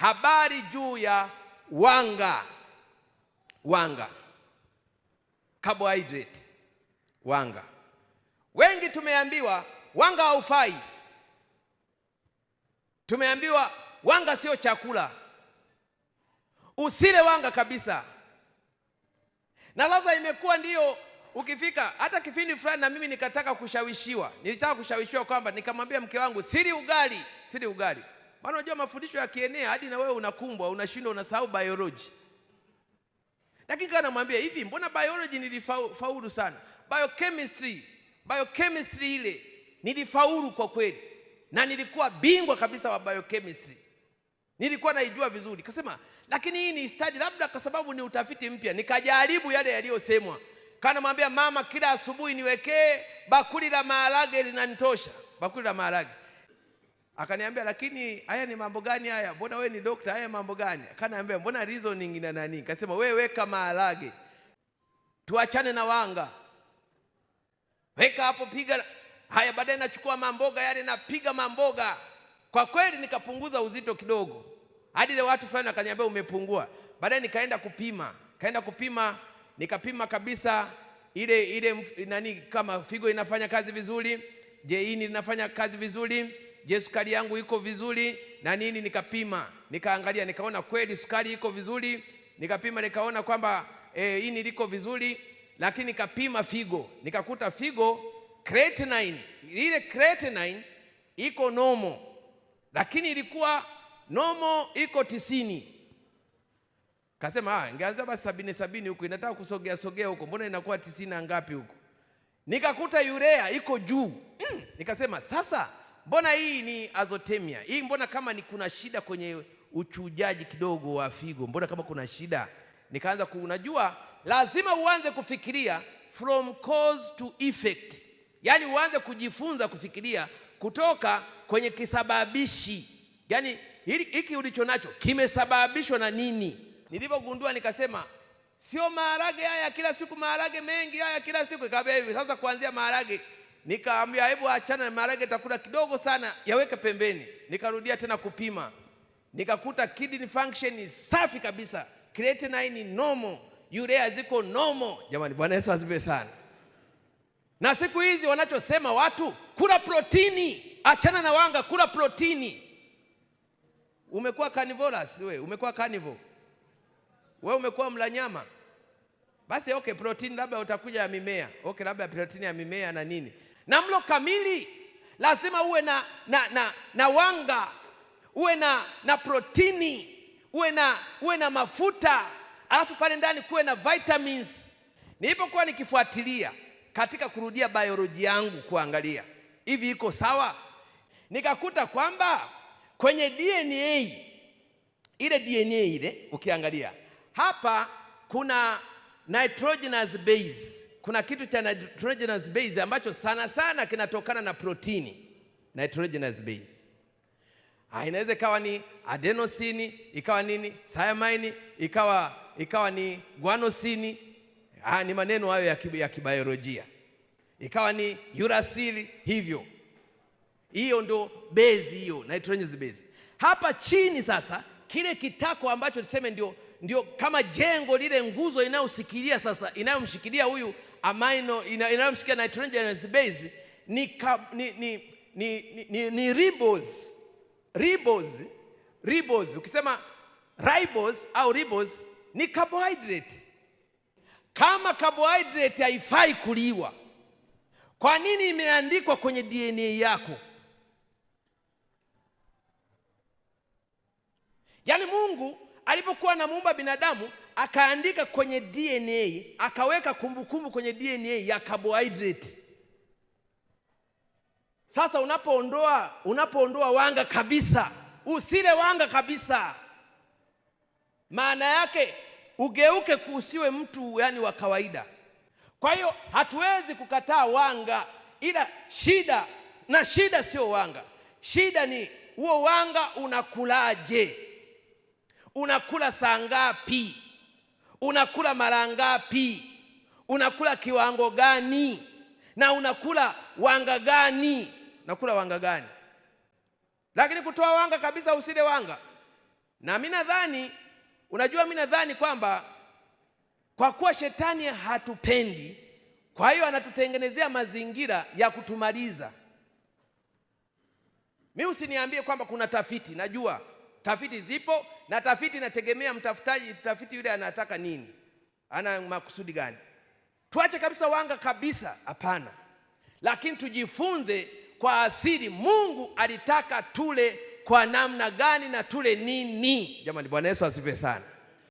habari juu ya wanga, wanga carbohydrate, wanga. Wengi tumeambiwa wanga haufai, tumeambiwa wanga sio chakula, usile wanga kabisa. Na sasa imekuwa ndiyo ukifika hata kipindi fulani, na mimi nikataka kushawishiwa, nilitaka kushawishiwa kwamba nikamwambia mke wangu sili ugali, sili ugali Bwana, unajua mafundisho yakienea hadi na wewe unakumbwa, unashindwa, unasahau biology. Lakini kana namwambia hivi, mbona biology nilifaulu sana, biochemistry, biochemistry ile nilifaulu kwa kweli, na nilikuwa bingwa kabisa wa biochemistry, nilikuwa naijua vizuri. Kasema lakini hii ni study, labda kwa sababu ni utafiti mpya, nikajaribu yale yaliyosemwa. Kana mwambia mama, kila asubuhi niwekee bakuli la maharage linanitosha, bakuli la maharage Akaniambia, lakini haya ni mambo gani haya? Mbona wewe ni dokta, haya mambo gani? Akaniambia, mbona reasoning na nani? Kasema, wewe weka maharage, tuachane na wanga, weka hapo, piga haya. Baadaye nachukua mamboga yale, napiga mamboga. Kwa kweli nikapunguza uzito kidogo, hadi ile watu fulani wakaniambia umepungua. Baadaye nikaenda kupima, kaenda kupima, nikapima kabisa ile ile nani, kama figo inafanya kazi vizuri, je jeini linafanya kazi vizuri je, sukari yangu iko vizuri na nini. Nikapima, nikaangalia, nikaona kweli sukari iko vizuri. Nikapima nikaona kwamba e, eh, ini liko vizuri, lakini nikapima figo, nikakuta figo creatinine, ile creatinine iko nomo, lakini ilikuwa nomo iko tisini. Kasema ah, ingeanza basi sabini sabini huko, inataka kusogea sogea huko, mbona inakuwa tisini na ngapi huko? Nikakuta urea iko juu mm. Nikasema sasa mbona hii ni azotemia hii, mbona kama ni kuna shida kwenye uchujaji kidogo wa figo, mbona kama kuna shida. Nikaanza unajua, lazima uanze kufikiria from cause to effect, yaani uanze kujifunza kufikiria kutoka kwenye kisababishi, yaani hiki ulicho nacho kimesababishwa na nini. Nilivyogundua nikasema sio maharage haya kila siku, maharage mengi haya kila siku. Ikabidi hivi sasa, kuanzia maharage Nikaambia hebu achana na maharage, takula kidogo sana, yaweke pembeni. Nikarudia tena kupima, nikakuta kidney function ni safi kabisa, creatinine ni nomo, urea ziko nomo. Jamani, Bwana Yesu azibe sana. Na siku hizi wanachosema watu, kula protini, achana na wanga, kula protini. Umekuwa carnivorous we, umekuwa carnivore wewe, umekuwa mla nyama basi okay, protini labda utakuja ya mimea okay, labda protini ya mimea na nini, na mlo kamili lazima uwe na, na, na, na wanga uwe na, na protini uwe na, uwe na mafuta alafu pale ndani kuwe na vitamins. Nilipokuwa nikifuatilia katika kurudia bioloji yangu kuangalia hivi iko sawa, nikakuta kwamba kwenye DNA ile DNA ile ukiangalia hapa kuna nitrogenous base kuna kitu cha nitrogenous base ambacho sana sana kinatokana na protini nitrogenous base. Ah, inaweza ikawa ni adenosini, ikawa nini thiamine, ikawa ikawa ni guanosini. Ah, ni maneno hayo ya kibayolojia ikawa ni urasili hivyo hiyo ndo base hiyo nitrogenous base. Hapa chini sasa kile kitako ambacho tuseme ndio ndio kama jengo lile, nguzo inayoshikilia sasa, inayomshikilia huyu amino inayomshikia nitrogenous base ni, ka, ni, ni, ni, ni, ni, ni ribos ribos ribos Ukisema ribos au ribos ni carbohydrate. Kama carbohydrate haifai kuliwa, kwa nini imeandikwa kwenye DNA yako? alipokuwa anamuumba binadamu akaandika kwenye DNA, akaweka kumbukumbu kwenye DNA ya carbohydrate. Sasa unapoondoa unapoondoa wanga kabisa, usile wanga kabisa, maana yake ugeuke kusiwe mtu yani wa kawaida. Kwa hiyo hatuwezi kukataa wanga, ila shida na shida sio wanga, shida ni huo wanga unakulaje? Unakula saa ngapi? Unakula mara ngapi? Unakula kiwango gani? Na unakula wanga gani? Nakula wanga gani? Lakini kutoa wanga kabisa, usile wanga. Na mimi nadhani, unajua, mimi nadhani kwamba kwa kuwa shetani hatupendi, kwa hiyo anatutengenezea mazingira ya kutumaliza. Mimi usiniambie kwamba kuna tafiti, najua Tafiti zipo na tafiti inategemea mtafutaji, tafiti yule anataka nini, ana makusudi gani. Tuache kabisa wanga kabisa, hapana, lakini tujifunze kwa asili, Mungu alitaka tule kwa namna gani na tule nini. Jamani, Bwana Yesu asifiwe sana.